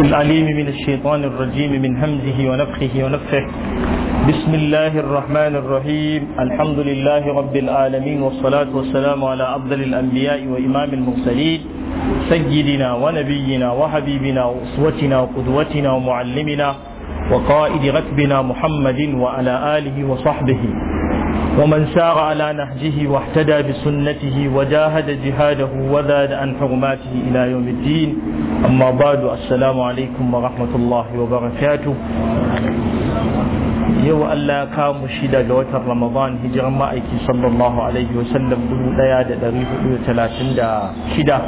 العليم من الشيطان الرجيم من همزه ونفخه ونفخه بسم الله الرحمن الرحيم الحمد لله رب العالمين والصلاة والسلام على أفضل الأنبياء وإمام المرسلين سيدنا ونبينا وحبيبنا وأسوتنا وقدوتنا ومعلمنا وقائد ركبنا محمد وعلى آله وصحبه ومن سار على نهجه واحتدى بسنته وجاهد جهاده وزاد عن حرماته إلى يوم الدين أما بعد السلام عليكم ورحمة الله وبركاته yau Allah ya kawo mu shida ga watan Ramadan hijiran ma'aiki sallallahu alaihi wasallam dubu daya da dari hudu da talatin da shida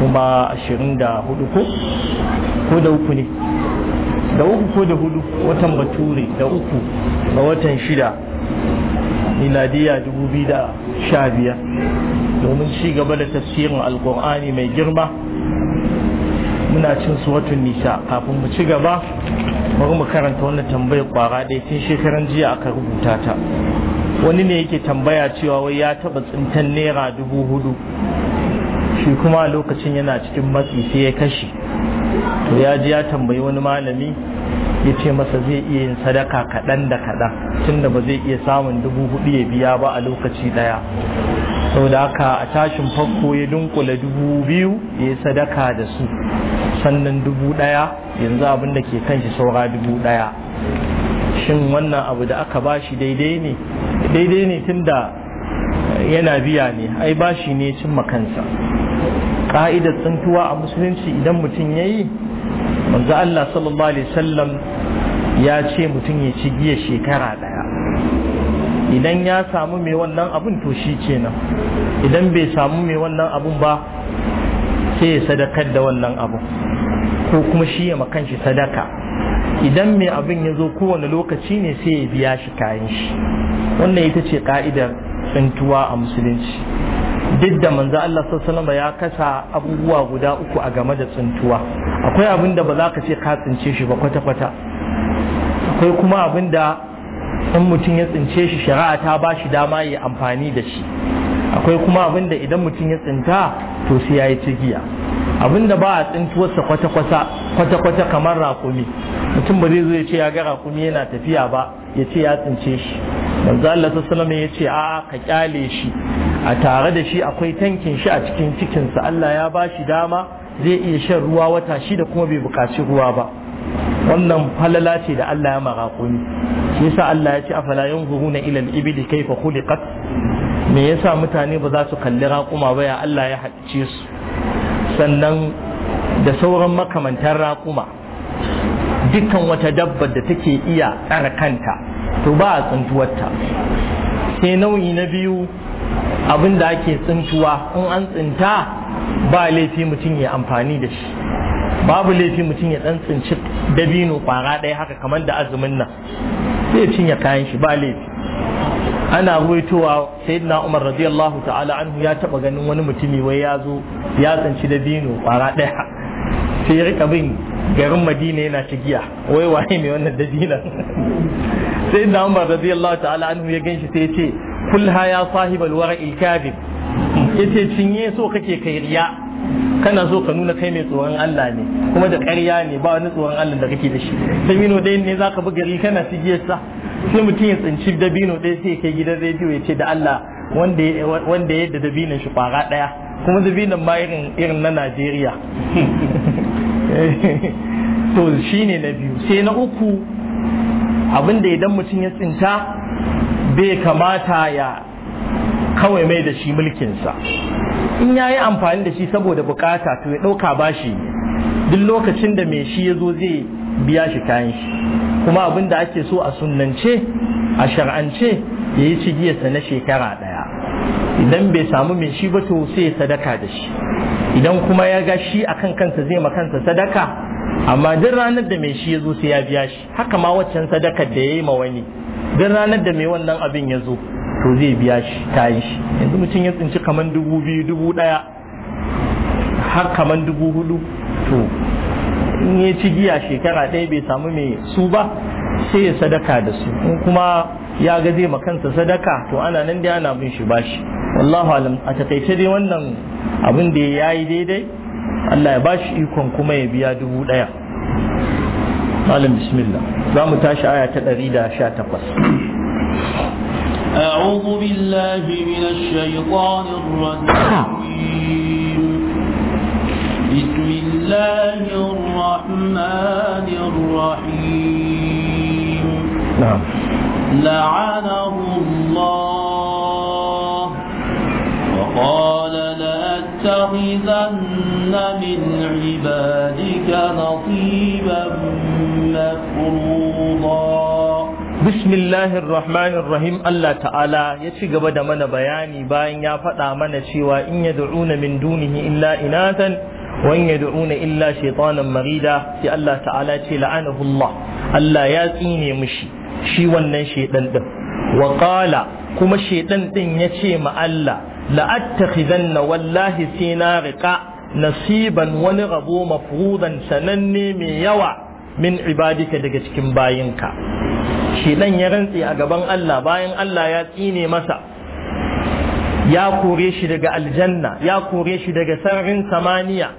kuma ashirin da hudu ko ko da uku ne da uku ko da hudu watan bature da uku ga watan shida miladiya 2015 domin ci gaba da tafsirin alkur'ani mai girma muna cin su watan nisa kafin mu ci gaba bari mu karanta wannan tambayar kwara ɗaya tun shekaran jiya aka rubuta ta wani ne yake tambaya cewa wai ya taba tsintan naira dubu hudu shi kuma lokacin yana cikin matsi sai ya kashe to ya ji ya tambayi wani malami ya ce masa zai iya yin sadaka kaɗan da kaɗan tunda ba zai iya samun dubu hudu ya biya ba a lokaci ɗaya sau da haka a tashin farko ya dunkula dubu biyu ya yi sadaka da su sannan dubu ɗaya yanzu abin da ke kan shi saura dubu ɗaya shin wannan abu da aka bashi daidai ne daidai ne tunda yana biya ne ai ba shi ne cin makansa ƙa'idar tsintuwa a musulunci idan mutum ya yi manzo Allah sallallahu alaihi wasallam ya ce mutum ya ci giya shekara daya idan ya samu mai wannan abun to shi kenan idan bai samu mai wannan abun ba sai ya sadakar da wannan abun ko kuma shi ya makan shi sadaka idan mai abin ya zo kowane lokaci ne sai ya biya shi kayan shi wannan ita ce ka'idar tsintuwa a musulunci duk da manzo Allah sallallahu ya kasa abubuwa guda uku a game da tsuntuwa akwai abin da ba za ka ce ka tsince shi ba kwata kwata akwai kuma abin da in mutum ya tsince shi shari'a ta ba shi dama ya amfani da shi akwai kuma abin da idan mutum ya tsinta to sai ya yi cigiya abin da ba a tsintuwarsa kwata-kwata kamar rakumi mutum ba zai zo ya ce ya ga rakumi yana tafiya ba ya ce ya tsince shi manzo Allah sallallahu ya ce a ka kyale shi a tare da shi akwai tankin shi a cikin cikinsa Allah ya ba shi dama zai iya shan ruwa wata shi da kuma bai bukaci ruwa ba wannan falala ce da Allah ya marakuni shi yasa Allah ya ce afala yanzuruna ila al-ibli kayfa khuliqat me yasa mutane ba za su kalli raƙuma ba ya Allah ya halicce su sannan da sauran makamantar raƙuma dukkan wata dabba da take iya tsarkanta kanta to ba a tsuntuwarta sai nau'i na biyu abin da ake tsintuwa in an tsinta ba laifi mutum ya amfani da shi babu laifi mutum ya dan tsinci dabino kwara ɗaya haka kamar da azumin nan sai cinye kayan shi ba laifi ana ruwaitowa sayyidina umar radiyallahu ta'ala anhu ya taba ganin wani mutumi wai ya zo ya tsinci dabino kwara ɗaya sai ya rika bin garin madina yana ta giya wai waye mai wannan dabinan sayyidina umar radiyallahu ta'ala anhu ya ganshi sai ya ce kulha ya sahibal wara'il kadhib yace cinye so kake kai riya kana so ka nuna kai mai tsoron Allah ne kuma da ƙarya ne ba wani tsoron Allah da kake da shi dabino ɗaya ne zaka buga gari kana cigiyarsa sai mutum ya tsinci dabino ɗaya sai kai gidan rediyo ya ce da Allah wanda ya da dabinon shi kwara ɗaya kuma dabinon ma irin irin na Najeriya to shine na biyu sai na uku abinda idan mutum ya tsinta bai kamata ya kawai mai da shi mulkinsa in ya yi amfani da shi saboda bukata to ya ɗauka bashi duk lokacin da mai shi ya zo zai biya shi kayan shi kuma abin da ake so a sunnance a shar'ance ya yi cigiyarsa na shekara ɗaya idan bai samu mai shi ba to sai ya sadaka da shi idan kuma ya ga shi a kan kansa zai ma kansa sadaka amma duk ranar da mai shi ya zo sai ya biya shi haka ma waccan sadakar da ya yi ma wani don ranar da mai wannan abin ya zo to zai biya shi tayin shi yanzu mutum ya tsinci kaman dubu biyu dubu ɗaya har kaman dubu hudu to in ya ci giya shekara ɗaya bai samu mai su ba sai ya sadaka da su in kuma ya ga zai kansa sadaka to ana nan dai ana bin shi bashi wallahu alam a takaice dai wannan abin da ya yi daidai Allah ya bashi ikon kuma ya biya dubu ɗaya malam bismillah za mu tashi aya ta 118 a'udhu billahi minash shaitanir rajim بسم الله الرحمن الرحيم نعم لعنه الله وقال لأتخذن من عبادك نصيبا bismillahir rahmanir rahim Allah ta'ala ya ci gaba da mana bayani bayan ya faɗa mana cewa in yad'una min dunihi illa inatan wa in yad'una illa shaytanan marida sai Allah ta'ala ce la'anahu Allah Allah ya tsine mishi shi wannan shaydan din wa qala kuma shaiɗan din ya ce ma Allah la'attakhidanna wallahi sai na riqa nasiban wani rabo mafrudan sananne mai yawa min ibadika daga cikin bayinka dan ya rantse a gaban Allah bayan Allah ya tsine masa ya kore shi daga aljanna ya kore shi daga sararin samaniya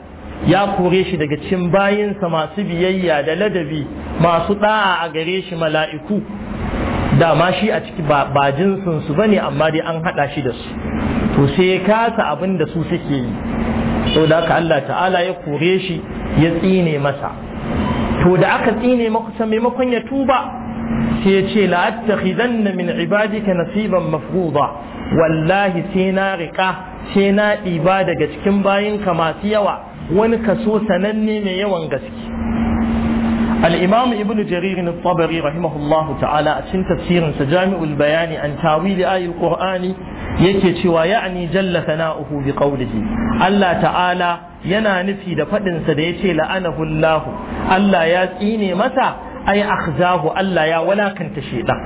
ya kore shi daga cikin bayinsa masu biyayya da ladabi masu da'a a gare shi mala'iku dama shi a ciki ba jinsin su bane amma dai an hada shi da su to sai ya kasa abin da su suke yi saboda haka Allah ta'ala ya kore shi ya tsine masa to da aka tsine masa maimakon ya tuba sai ya ce la'attakhidanna min ibadika nasiban mafruḍa wallahi sai na riƙa sai na ɗiba daga cikin bayinka masu yawa wani kaso sananne mai yawan gaske al-imam ibnu jarir at-tabari rahimahullahu ta'ala a cikin tafsirinsa jami'ul bayani an tawili ayatul qur'ani yake cewa ya'ni jalla sana'uhu bi qawlihi Allah ta'ala yana nufi da faɗinsa da ya ce la'anahullahu Allah ya tsine masa ai akhzahu Allah ya walakanta shaitan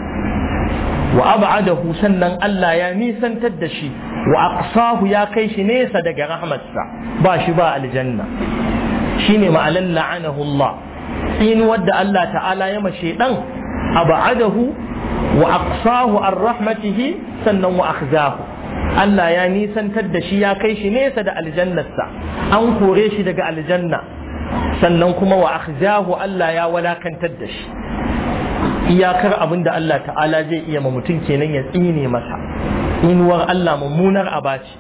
wa ab'adahu sannan Allah ya nisantar da shi wa aqsahu ya kai shi nesa daga rahmatsa ba shi ba aljanna shine ma'alan la'anahullah Allah tsinuwar da Allah ta'ala ya mashe dan ab'adahu wa aqsahu ar rahmatihi sannan wa akhzahu Allah ya nisantar da shi ya kai shi nesa da aljannarsa an kore shi daga aljanna sannan kuma wa akhzahu Allah ya walakantar da shi iyakar abin da Allah ta'ala zai iya ma mutum kenan ya tsine masa inuwar Allah mummunar abaci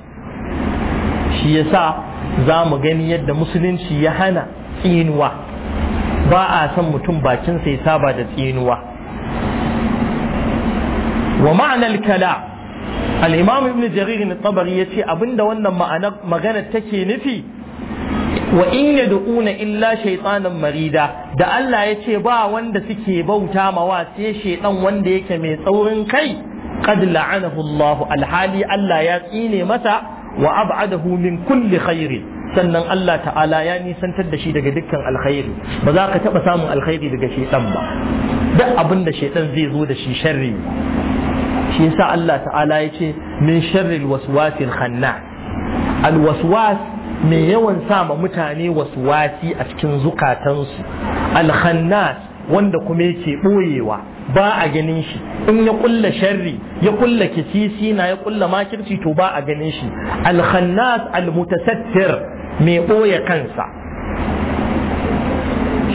shi yasa za mu gani yadda musulunci ya hana tsinuwa ba a san mutum bakin sai saba da tsinuwa wa ma'anar kala alimam ibn jarir at-tabari abinda wannan ma'ana magana take nufi wa in da'una illa shaytanan marida da Allah yace ba wanda suke bauta mawa sai shaydan wanda yake mai tsaurin kai qad la'anahu Allah alhali Allah ya tsine masa wa ab'adahu min kulli khairi sannan Allah ta'ala ya nisantar da shi daga dukkan alkhairi ba za ka taɓa samun alkhairi daga shaitan ba duk abinda shaiɗan shaitan zai zo da shi sharri shi yasa Allah ta'ala ya ce min sharril waswasil khanna alwaswas mai yawan sa ma mutane waswasi a cikin zukatansu alkhannas wanda kuma yake boyewa ba a ganin shi in ya kulla sharri ya kulla kisisi na ya kulla makirci to ba a ganin shi alkhannas almutasattir mai boye kansa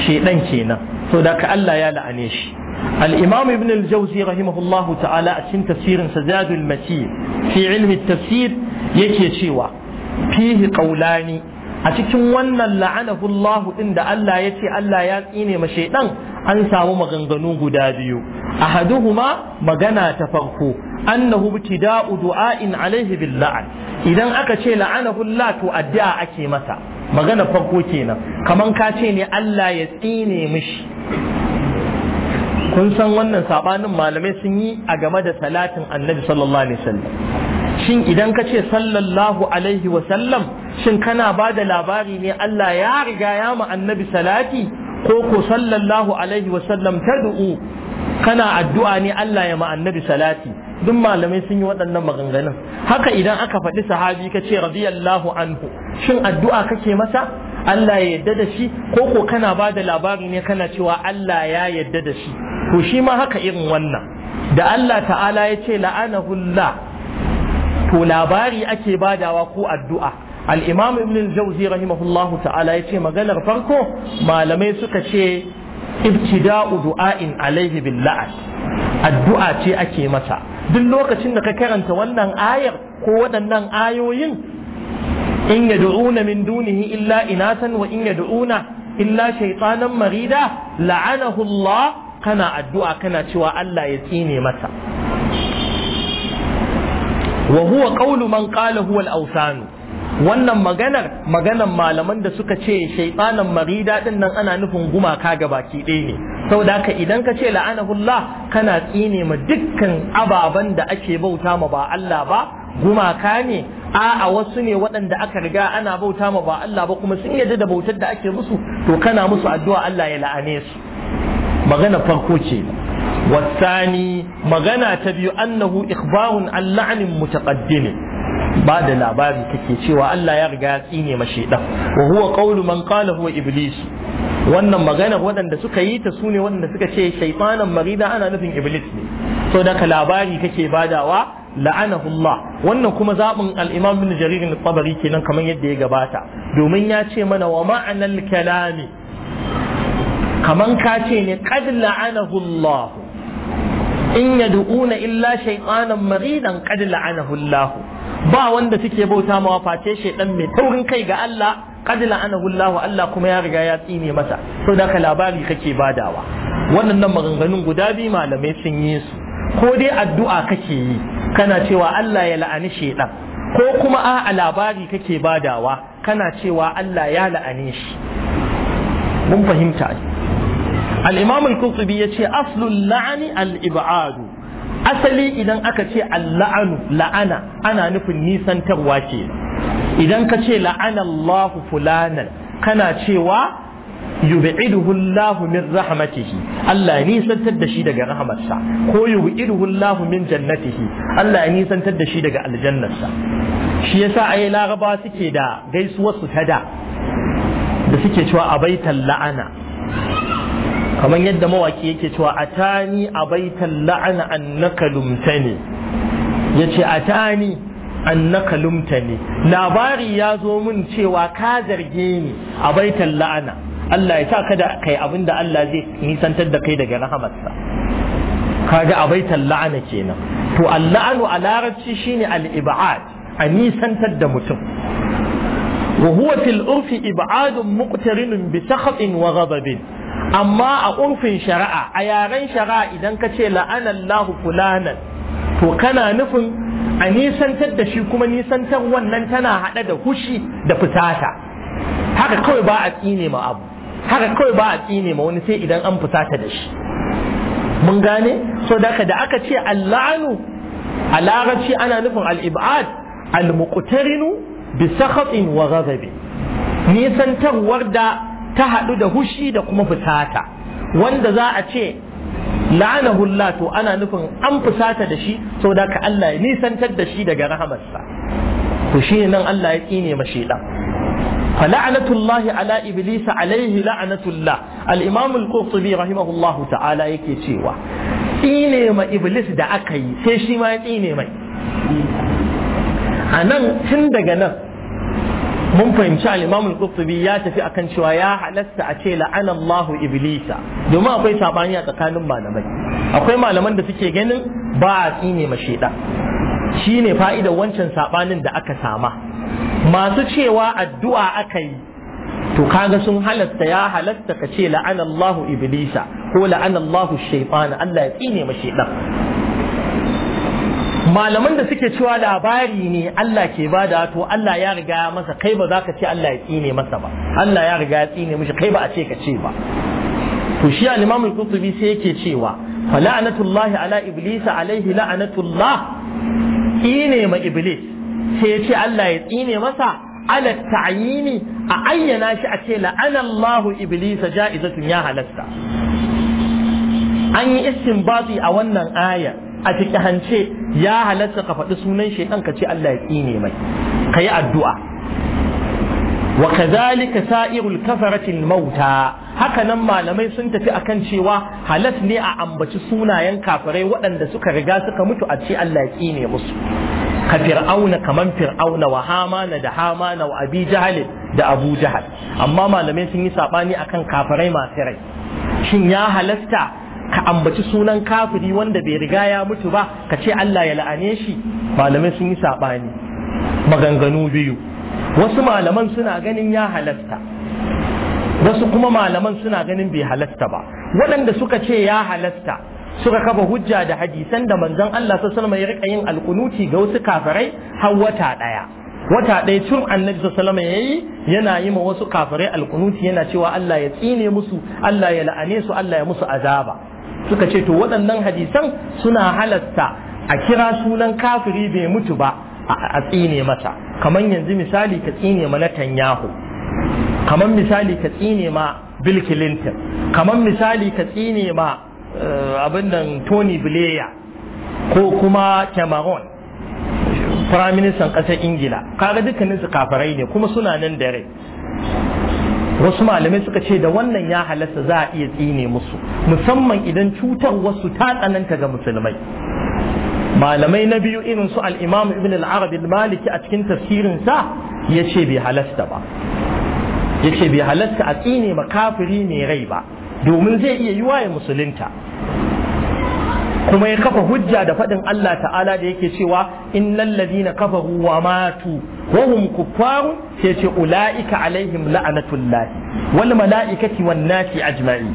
shedan kenan so da ka Allah ya la'ane shi الإمام ابن الجوزي رحمه الله تعالى أشن تفسير سزاد المسيح في علم التفسير يكي شيوا فيه قولان أتكن ون لعنه الله إن ألا يتي ألا يأتيني مشيئا أن سامو مغنغنو قداديو أحدهما مغنى تفرقو أنه ابتداء دعاء عليه باللعن إذا أكشي لعنه الله تؤدى أكي متى مغنى فرقو كينا كمان كاتيني ألا يتيني مشي kun san wannan sabanin malamai sun yi a game da salatin annabi sallallahu alaihi wasallam shin idan ka ce sallallahu alaihi wasallam shin kana ba da labari ne Allah ya riga ya ma annabi salati ko ko sallallahu alaihi wasallam tad'u kana addu'a ne Allah ya ma annabi salati duk malamai sun yi waɗannan maganganun haka idan aka faɗi sahabi ka ce radiyallahu anhu shin addu'a kake masa Allah ya yadda da shi ko ko kana ba da labari ne kana cewa Allah ya yadda da shi to shi ma haka irin wannan da Allah ta'ala ya ce la'anahullah to labari ake badawa ko addu'a al-imam ibn al-jawzi rahimahullahu ta'ala ya ce maganar farko malamai suka ce ibtida'u du'a'in alaihi bil addu'a ce ake masa duk lokacin da ka karanta wannan ayar ko waɗannan ayoyin in yad'una min dunihi illa inatan wa in yad'una illa shaytanan marida la'anahu Allah kana addu'a kana cewa Allah ya tsine masa wa huwa qawlu man qala huwa al wannan maganar maganar malaman da suka ce shaitanan marida din nan ana nufin gumaka ga baki ɗaya ne saboda haka idan ka ce la'anahullah kana tsine ma dukkan ababen da ake bauta ma ba Allah ba gumaka ne a'a wasu ne waɗanda aka riga ana bauta ma ba Allah ba kuma sun yarda da bautar da ake musu to kana musu addu'a Allah ya la'ane su magana farko ce wasani magana ta biyu annahu ikhbarun an la'anin mutaqaddim ba da labari take cewa Allah ya riga ya tsine ma shedan wa huwa qawlu man qala huwa iblis wannan magana waɗanda suka yi ta sune waɗanda suka ce shaytanan marida ana nufin iblis ne so daka labari kake badawa Allah wannan kuma zabin al-imam ibn jarir al-tabari kenan kamar yadda ya gabata domin ya ce mana wa ma'anal kalami kaman ka ce ne qad Allah in yad'una illa shaytanan maridan qad Allah ba wanda suke bauta ma face shaydan mai taurin kai ga Allah qad la'anahu Allah Allah kuma ya riga ya tsine masa to da ka labari kake badawa wannan maganganun guda biyu malamai sun yi su ko dai addu'a kake yi kana cewa Allah ya la'ani shaidan ko kuma a labari kake badawa kana cewa Allah ya la'ani shi mun fahimta al-imam al-qurtubi yace aslul la'ani al-ib'adu asali idan aka ce al-la'anu la'ana ana nufin nisantarwa ke idan ka ce la'ana Allah fulanan kana cewa yub'iduhu Allahu min rahmatihi Allah ya nisantar da shi daga rahmatsa ko yub'iduhu Allahu min jannatihi Allah ya nisantar da shi daga aljannarsa shi yasa ai laraba suke da gaisuwar su ta da da suke cewa abaitan la'ana kamar yadda mawaki yake cewa atani abaitan la'ana annaka lumtani yace atani annaka lumtani labari ya zo min cewa ka zarge ni abaitan la'ana Allah ya sa da kai abin da Allah zai nisantar da kai daga rahamarsa kaga abaitan la'ana kenan to al-la'anu a larabci shine al-ib'ad a nisantar da mutum wa huwa fil urfi ib'adun muqtarinun bi sakhatin wa ghadabin amma a urfin shari'a a yaren shari'a idan ka ce la'ana Allahu fulanan to kana nufin a nisantar da shi kuma nisantar wannan tana hada da hushi da fusata haka kawai ba a tsine ma abu haka kawai ba a tsine ma wani sai idan an fusata da shi mun gane so da da aka ce alla'anu a ana nufin al'ibad al-muqtarinu bi sakhatin wa ghadabi nisantarwar da ta haɗu da hushi da kuma fusata wanda za a ce la'anahu Allah to ana nufin an fusata da shi so da ka Allah ya nisantar da shi daga rahamarsa to shi nan Allah ya tsine ma shedan fala'anatullahi ala iblisa alaihi la'anatullah al-imam al ta'ala yake cewa tsine ma iblis da aka yi sai shi ma ya tsine mai a nan tun daga nan mun fahimci al-imam ya tafi akan cewa ya halasta a ce la'ana Allahu iblisa domin akwai saɓani a tsakanin malamai akwai malaman da suke ganin ba a tsine ma shaidan shine fa'idar wancan sabanin da aka sama masu cewa addu'a aka yi to kaga sun halasta ya halasta ka ce la'ana Allahu iblisa ko la'ana Allahu shaytana Allah ya tsine ma shaytan malaman da suke cewa labari ne Allah ke ba da to Allah ya riga ya masa kai ba za ka ce Allah ya tsine masa ba Allah ya riga ya tsine mishi kai ba a ce ka ce ba to shi al-Imam al-Qurtubi sai yake cewa fa la'anatullahi ala iblisa alaihi la'anatullah tsine ma iblis sai ya ce Allah ya tsine masa ala ta'yini a ayyana shi a ce la'ana Allahu iblisa ja'izatun ya halatta an yi istinbati a wannan aya a hance ya halatta ka faɗi sunan shaitan ka ce Allah ya tsine mai kayi addu'a wa sa'irul kafaratil mauta haka malamai sun tafi akan cewa halas ne a ambaci sunayen kafarai waɗanda suka riga suka mutu a ce Allah ya tsine musu ka fir'auna kaman fir'auna wa hamana da hamana wa abi jahal da abu jahal amma malamai sun yi sabani akan kafirai masu rai shin ya halasta ka ambaci sunan kafiri wanda bai riga ya mutu ba ka ce Allah ya la'ane shi malamai sun yi sabani maganganu biyu wasu malaman suna ganin ya halasta wasu kuma malaman suna ganin bai halasta ba waɗanda suka ce ya halasta suka kafa hujja da hadisan da manzon Allah sallallahu alaihi wasallam ya rika yin alkunuti ga wasu kafirai har wata daya wata ɗaya tun annabi sallama ya yi yana yi ma wasu kafirai alkunuti yana cewa Allah ya tsine musu Allah ya la'ane su Allah ya musu azaba suka ce to waɗannan hadisan suna halasta a kira sunan kafiri bai mutu ba a tsine masa kamar yanzu misali ka tsine ma Netanyahu kamar misali ka tsine ma Bill Clinton kamar misali ka tsine ma Eh, abin da tony blair ko kuma cameron prime minister kasar ingila kaga su kafarai ne kuma suna nan da rai wasu malamai suka ce da wannan ya halasta za a iya tsine musu musamman idan cutar wasu ta tsananta ga musulmai malamai na biyu irin su al ibn al maliki a cikin tafsirin sa ce bai halasta ba Ya ce bai halasta a tsine makafiri mai rai ba domin zai iya yiwa ya musulunta kuma ya kafa hujja da faɗin Allah ta'ala da yake cewa innal ladina kafaru wa matu wa hum kuffarun sai ce ulaika alaihim la'anatullahi wal malaikati wan nasi ajma'in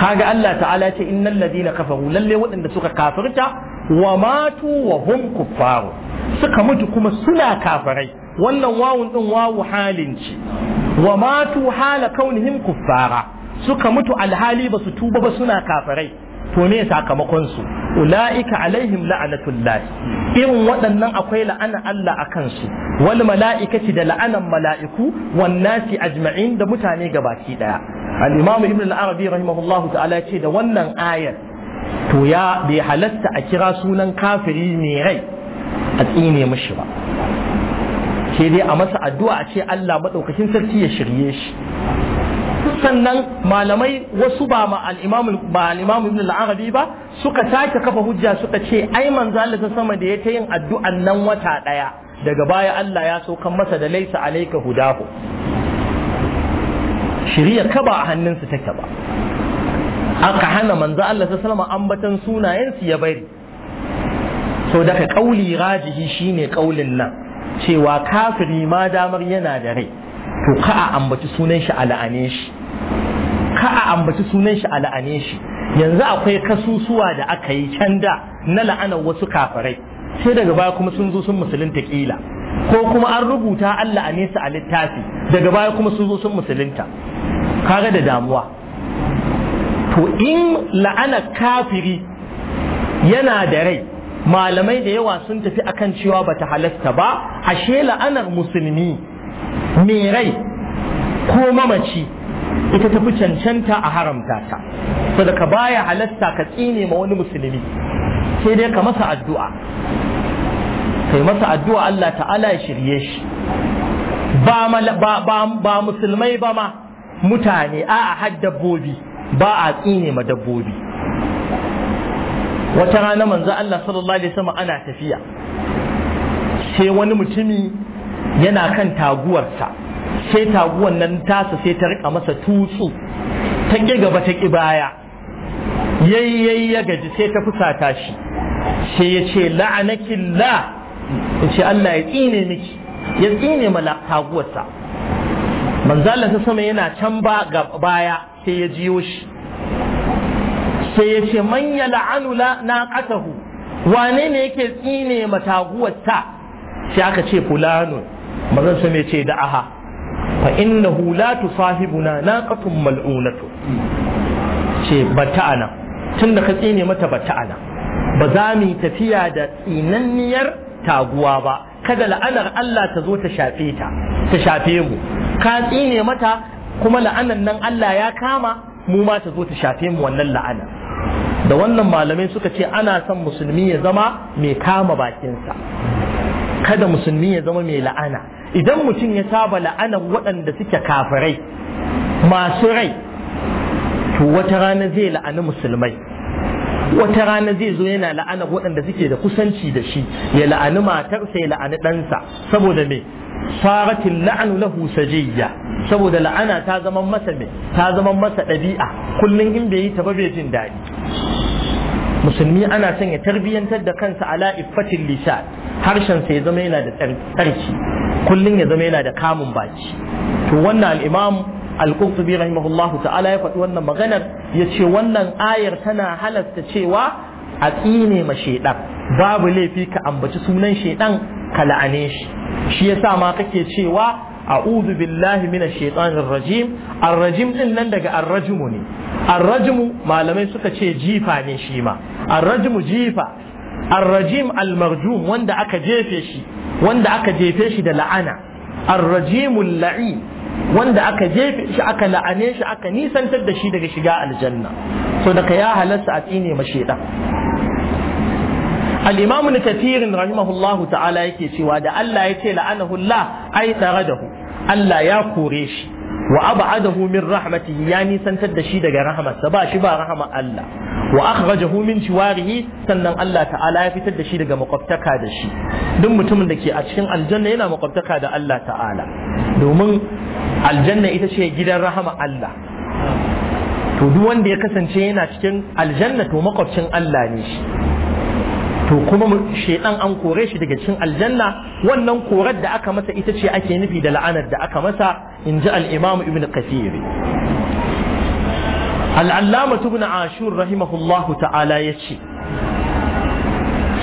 kaga Allah ta'ala ce innal ladina kafaru lalle waɗanda suka kafirta wa matu wa hum suka mutu kuma suna kafirai wannan wawun din wawu halin ce wa matu hala kaunihim kuffara suka mutu alhali ba su tuba ba suna kafirai to sakamakon su ula'ika alaihim la'anatullahi irin waɗannan akwai la'ana Allah a kansu wal mala'ikati da la'anan mala'iku wan nasi ajma'in da mutane gabaki daya al-imamu ibn al-arabi rahimahullahu ta'ala ce da wannan ayar to ya bai halatta a kira sunan kafiri mai rai a tsine mishi ba sai dai a masa addu'a a ce Allah maɗaukacin sarki ya shirye shi sannan malamai wasu ba ma al-imam ba al ibn al-arabi ba suka take kafa hujja suka ce ai manzo Allah sama da ya ta yin addu'an nan wata daya daga baya Allah ya saukan masa da laisa alayka hudahu shiriyar ka ba a hannunsu take ba aka hana manzo Allah ta alaihi ambatan sunayensu ya bari to daga kauli rajihi shine kaulin nan cewa kafiri ma damar yana da rai to ka a ambaci sunan shi a la'ane shi ka a ambaci sunan shi a la'ane shi yanzu akwai kasusuwa da aka yi can da na la'anar wasu kafirai sai daga baya kuma sun zo sun musulunta kila ko kuma an rubuta an a nesa a littafi daga baya kuma sun zo sun musulunta kaga da damuwa to in la'ana kafiri yana da rai malamai da yawa sun tafi akan cewa bata halasta ba ashe la'anar musulmi mai rai ko mamaci ita tafi cancanta a haramta ta saboda baya halasta ka tsine ma wani musulmi sai dai ka masa addu'a kai masa addu'a Allah ta'ala ya shirye shi ba ba musulmai ba ma mutane a had dabbobi ba a tsine ma dabbobi wata rana manzo Allah sallallahu alaihi wasallam ana tafiya sai wani mutumi yana kan taguwarsa sai taguwar nan tasa sai ta rika masa tutsu ta ƙi gaba ta ƙi baya yayyayi ya gaji sai ta fusata shi sai ya ce la ya ce Allah ya tsine miki ya tsine mala taguwarsa Manzalin ta sama yana can ba ga baya sai ya jiyo shi sai ya ce manya la'anu na ƙasahu wane ne yake tsine mataguwarsa sai aka ce fulano mazan su ne ce da aha fa innahu la tusahibuna naqatun mal'unatu ce bata ana tunda ka tsine mata bata ana ba za mu tafiya da tsinanniyar taguwa ba kada la'anar Allah ta zo ta shafe ta ta shafe mu ka tsine mata kuma la'anan nan Allah ya kama mu ma ta zo ta shafe mu wannan la'ana da wannan malamai suka ce ana son musulmi ya zama mai kama bakinsa kada musulmi ya zama mai la'ana idan mutum ya saba la'anar waɗanda suke kafirai masu rai to wata rana zai la'ani musulmai wata rana zai zo yana la'anar waɗanda suke da kusanci da shi ya la'ani matarsa ya la'ani ɗansa saboda me faratin la'anu lahu sajiyya saboda la'ana ta zama masa me ta zama masa ɗabi'a kullum in bai yi ta ba bai jin daɗi musulmi ana son ya tarbiyyantar da kansa ala iffatin lisan harshen sa ya zama yana da tsarki kullun ya zama yana da kamun baki to wannan al-imam al-qurtubi rahimahullahu ta'ala ya faɗi wannan maganar ya ce wannan ayar tana halasta cewa a tsine ma shaidan babu laifi ka ambaci sunan shaidan ka la'ane shi shi yasa ma kake cewa a'udhu billahi minash shaitanir rajim ar-rajim din nan daga ar-rajmu ne ar-rajmu malamai suka ce jifa ne shi ma ar-rajmu jifa الرجيم المرجوم وند أكا جيفيشي وند أكا جيفيشي دا لعنة الرجيم اللعين وند أكا جيفيشي أكا لعنيش أكا نيسان تدشي دا شجاء الجنة صدق يا هلس أتيني مشيئة الإمام ابن كثير رحمه الله تعالى يكي سوى دا ألا يتي لعنه الله أي تغده ألا يا كوريشي wa ab'adahu min rahmatihi ya nisantar da shi daga rahmatsa ba shi ba rahama Allah wa akhrajahu min shiwarihi sannan Allah ta'ala ya fitar da shi daga makwabtaka da shi duk mutumin da ke a cikin aljanna yana makwabtaka da Allah ta'ala domin aljanna ita ce gidan rahama Allah to duk wanda ya kasance yana cikin aljanna to makwabcin Allah ne shi to kuma shedan an kore shi daga cikin aljanna wannan korar da aka masa ita ce ake nufi da la'anar da aka masa in ji al ibn kathir al-allama ibn ashur rahimahullahu ta'ala yace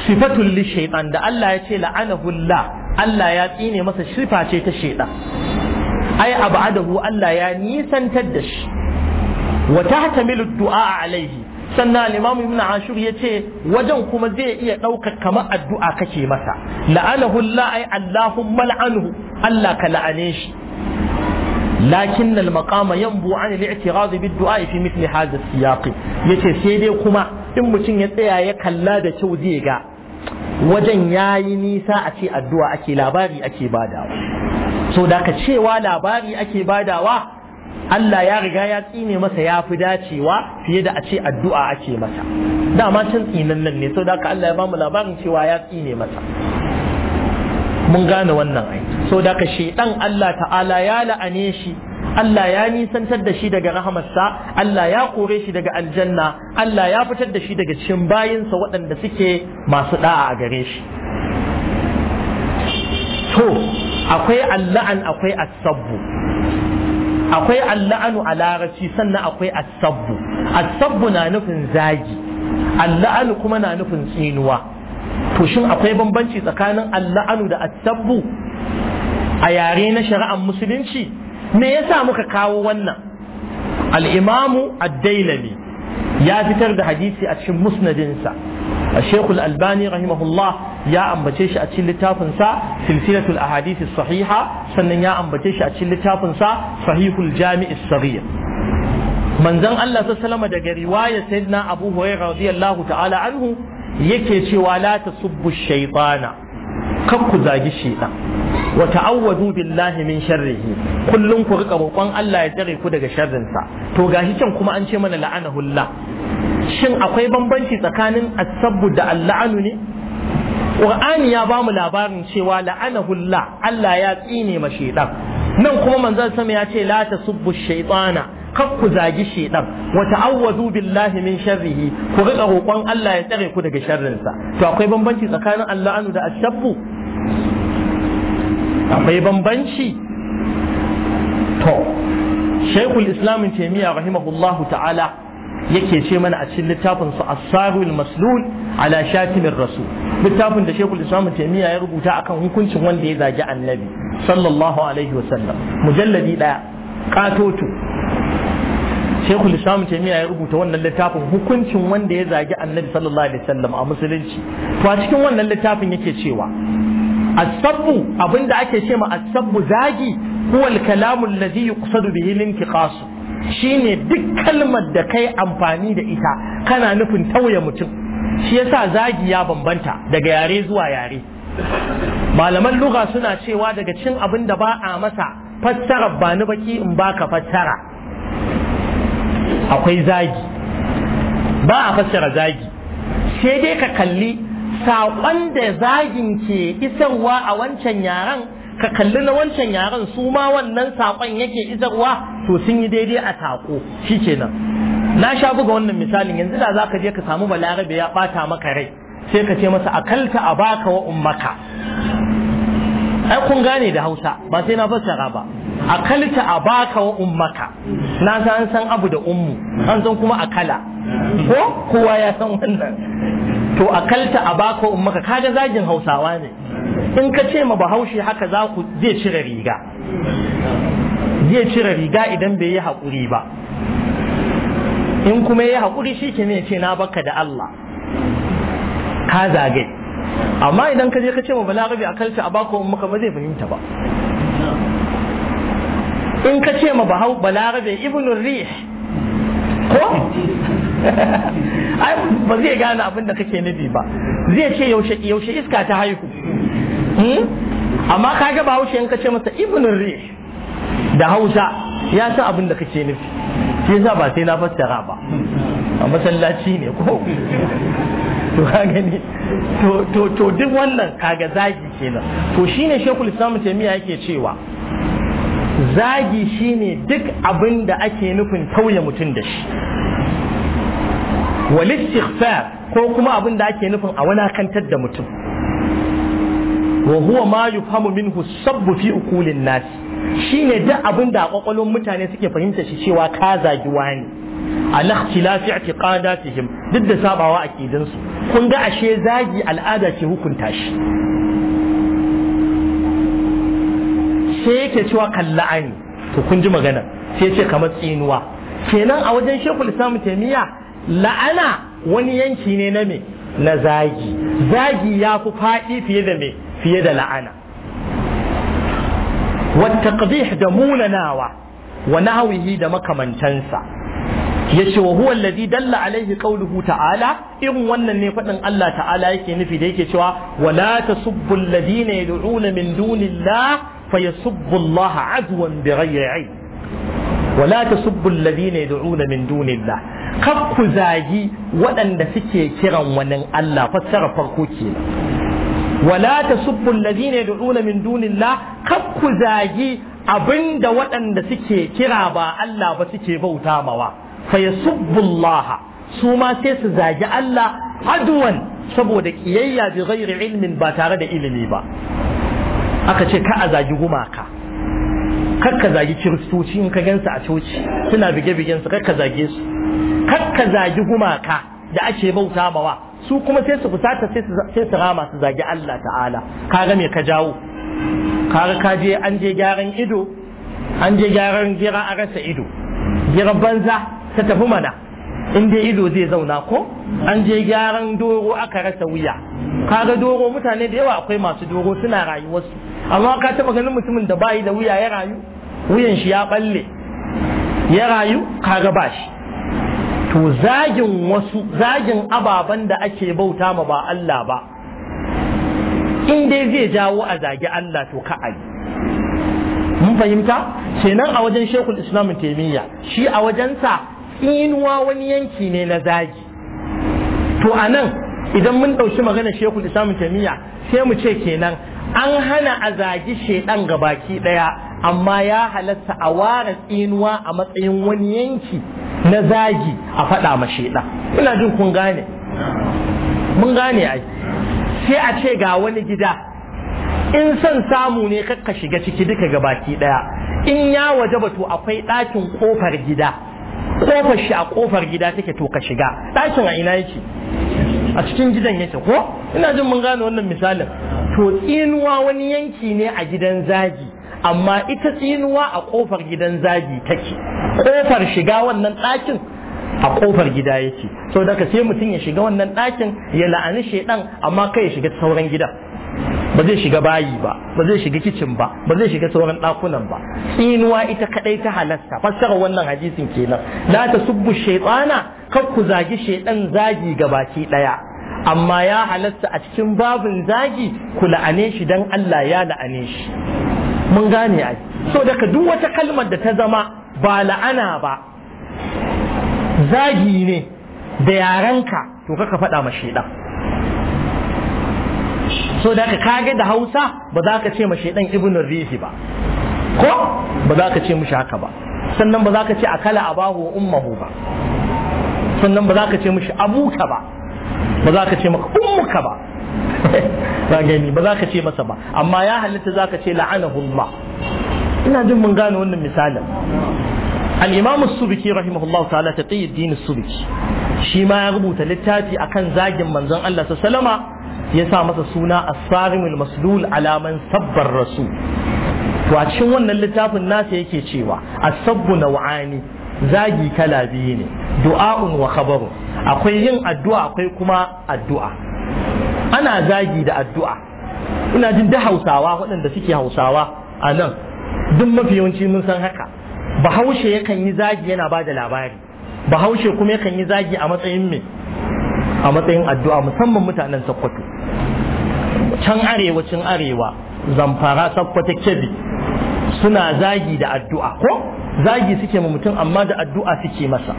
sifatun li shaytan da Allah ce la'anahu hulla. Allah ya tsine masa sifa ce ta shedan ai adahu Allah ya nisantar da shi wa tahtamilu du'a alaihi sannan al-imam ibn ashur yace wajen kuma zai iya ɗaukar kamar addu'a kake masa la'anahu la ay allahumma la'anhu Allah ka la'ane shi lakin al-maqama yanbu an al-i'tirad bid-du'a fi mithli hadha as-siyaq yace sai dai kuma in mutum ya tsaya ya kalla da kyau zai ga wajen yayi nisa a ce addu'a ake labari ake badawa so da ka cewa labari ake badawa Allah ya riga ya tsine masa ya fi dacewa fiye da a ce addu'a ake masa dama can tsinan nan ne da aka Allah ya bamu labarin cewa ya tsine masa mun gane wannan ai saboda haka shedan Allah ta'ala ya la'ane shi Allah ya nisantar da shi daga rahamarsa Allah ya kore shi daga aljanna Allah ya fitar da shi daga cikin bayinsa waɗanda suke masu da'a a gare shi to akwai alla'an akwai asabbu akwai alla'anu a larabci sannan akwai asabbu asabbu na nufin zagi alla'anu kuma na nufin tsinuwa to shin akwai bambanci tsakanin alla'anu da asabbu a yare na shari'ar musulunci me yasa muka kawo wannan al-imamu ad-dailami ya fitar da hadisi a cikin musnadinsa الشيخ الألباني رحمه الله يا أم بتشي أتشي لتافنسا سلسلة الأحاديث الصحيحة سنن يا أم بتشي أتشي لتافنسا صحيح الجامع الصغير من زن الله صلى الله عليه وسلم دقى رواية سيدنا أبو هريرة رضي الله تعالى عنه يكي ولا تسب الشيطان كبك زاجي الشيطان wa ta'awwadu billahi min sharrihi kullum ku rika roƙon Allah ya tsare ku daga sharrinsa to gashi can kuma an ce mana la'anahullah shin akwai bambanci tsakanin asabbu da alla'anu ne qur'ani ya bamu labarin cewa la'anahullah Allah ya tsine ma shaytan nan kuma manzon sama ya ce la tasubbu shaytana kar ku zagi shaytan wa ta'awwadu billahi min sharrihi ku riƙa roƙon Allah ya tsare ku daga sharrinsa to akwai bambanci tsakanin alla'anu da asabbu akwai bambanci to shaykhul islam taymiya rahimahullahu ta'ala yake ce mana a cikin littafin su as-sarul maslul ala shatimir rasul littafin da shekul islam taymiya ya rubuta akan hukuncin wanda ya zagi annabi sallallahu alaihi wa sallam. mujalladi daya katoto shekul islam taymiya ya rubuta wannan littafin hukuncin wanda ya zagi annabi sallallahu alaihi wa sallam a musulunci to a cikin wannan littafin yake cewa as-sabbu abinda ake ce ma as-sabbu zagi huwa al-kalamu alladhi yuqsadu bihi al-intiqasu shine duk kalmar da kai amfani da ita kana nufin tauye mutum shi yasa zagi ya bambanta daga yare zuwa yare malaman luga suna cewa daga cin abin da ba a masa fassara ba ni baki in baka fassara akwai zagi ba a fassara zagi sai dai ka kalli saƙon da zagin ke isarwa a wancan yaren ka kalli na wancan yaren su ma wannan sakon yake isarwa to sun yi daidai a taƙo shi kenan na sha buga wannan misalin yanzu da za ka je ka samu balarabe ya bata maka rai sai ka ce masa akalta a baka wa ummaka ai kun gane da hausa ba sai na fassara ba akalta a baka wa ummaka na san san abu da ummu an san kuma akala ko kowa ya san wannan to akalta a baka ummaka kaga zagin hausawa ne in ka ce ma bahaushe haka za ku zai cire riga zai cire riga idan bai yi haƙuri ba in kuma ya yi haƙuri shi ke ne ce na baka da Allah ka zage amma idan ka je ka ce ma balarabe kalta a baka ummaka ba zai fahimta ba in ka ce ma balarabi balarabe ibnul rih ko ai ba zai gane abin da kake nufi ba zai ce yaushe yaushe iska ta haihu hmm? amma kaga ba haushe in ka ce masa ibnun ri da hausa ya san abin da kake nufi shi yasa ba sai na fassara ba a masallaci ne ko to ka gani to to duk wannan kaga zagi kenan to shine shekul islam taimiya yake cewa zagi shine duk abin da ake nufin tauye mutum da shi wal ko kuma abin da ake nufin a kantar da mutum wa huwa ma yufhamu minhu sabbu fi uqulin nas shine da abin da kwakwalwar mutane suke fahimta shi cewa ka zagi wani ala ikhtilafi i'tiqadatihim duk da sabawa aqidan su kun ga ashe zagi al'ada ce hukunta shi sai yake cewa kalla'ani to kun ji magana sai ce kamar tsinuwa kenan a wajen shekul islam taimiyya la'ana wani yanki ne na me na zagi zagi ya fi faɗi fiye da me fiye da la'ana والتقبيح da munanawa wa hauhi da makamantansa ce wa huwa alladhi dalla alaihi qawluhu ta'ala irin wannan ne fadin Allah ta'ala yake nufi da yake cewa wala tasubbu alladhina yad'una min dunillah fayasubbu Allah adwan bighayri ilm wala tasubbu alladhina yad'una min dunillah kar ku zagi waɗanda suke kiran wani Allah fassara farko kenan wala tasubbu ne da min dunillah kar ku zagi abinda waɗanda suke kira ba Allah ba suke bauta mawa fa yasubbu Allah su ma sai su zagi Allah aduwan saboda kiyayya bi ghairi ilmin ba tare da ilimi ba aka ce ka a zagi gumaka kakka zagi kiristoci in ka gansu a coci suna bige-bigen su kakka zage su kakka zagi gumaka da ake bauta mawa su kuma sai su fusata sai su rama su zagi Allah ta'ala kaga me ka jawo kaga ka je an je gyaran ido an je gyaran gira a rasa ido gira banza ta tafi mana in dai ido zai zauna ko an je gyaran doro aka rasa wuya kaga doro mutane da yawa akwai masu doro suna rayuwarsu amma ka taba ganin mutumin da bayi da wuya ya rayu wuyan shi ya balle ya rayu kaga ba shi to zagin wasu zagin ababen da ake bauta ma ba Allah ba in dai zai jawo a zagi Allah to ka ai mun fahimta kenan a wajen shekul islam taimiyya shi a wajen sa inuwa wani yanki ne na zagi to a nan idan mun ɗauki maganar shekul islam taimiyya sai mu ce kenan an hana a zagi shedan ga baki daya amma ya halatta a ware tsinuwa a matsayin wani yanki na zagi a faɗa ma shedan ina jin kun gane mun gane ai sai a ce ga wani gida in son samu ne kakka shiga ciki duka ga baki daya in ya waje ba to akwai ɗakin kofar gida kofar shi a kofar gida take to ka shiga ɗakin a ina yake a cikin gidan yake ko ina jin mun gane wannan misalin to tsinuwa wani yanki ne a gidan zagi amma ita tsinuwa a kofar gidan zagi take kofar shiga wannan ɗakin a kofar gida yake so daga sai mutum ya shiga wannan ɗakin ya la'ani shaidan amma kai ya shiga sauran gida ba zai shiga bayi ba ba zai shiga kicin ba ba zai shiga sauran ɗakunan ba tsinuwa ita kadai ta halasta fassara wannan hadisin kenan na ta subbu shaytana kar ku zagi shaidan zagi ga baki ɗaya. amma ya halatta a cikin babin zagi ku la'ane shi dan Allah ya la'ane shi mun gane ai so daga duk wata kalmar da ta zama ba la'ana ba zagi ne da yarenka to kaka faɗa ma shaidan so daga ka ga da hausa ba za ka ce ma shaidan Ibn rifi ba ko ba za ka ce mishi haka ba sannan ba za ka ce akala abahu ummahu ba sannan ba za ka ce mishi abuka ba ba za ka ce maka muka ba ba gani ba za ka ce masa ba amma ya halitta za ka ce la'anahullah ina jin mun gane wannan misalin al as-subki rahimahullahu ta'ala ta din dini subki shi ma ya rubuta littafi akan zagin manzon Allah ta ya sa masa suna as-sarimul maslul alaman sabbar rasul to a cikin wannan littafin nasa yake cewa as-sabbu naw'ani zagi kala biyu ne du'a'un wa khabaru akwai yin addu'a akwai kuma addu'a ana zagi da addu'a ina jin da hausawa waɗanda suke hausawa a nan duk mafi yawanci mun san haka bahaushe yakan yi zagi yana ba da labari bahaushe kuma yakan yi zagi a matsayin me a matsayin addu'a musamman mutanen sokoto can arewacin arewa zamfara sokoto kebbi suna zagi da addu'a ko zagi suke ma mutum amma da addu'a suke masa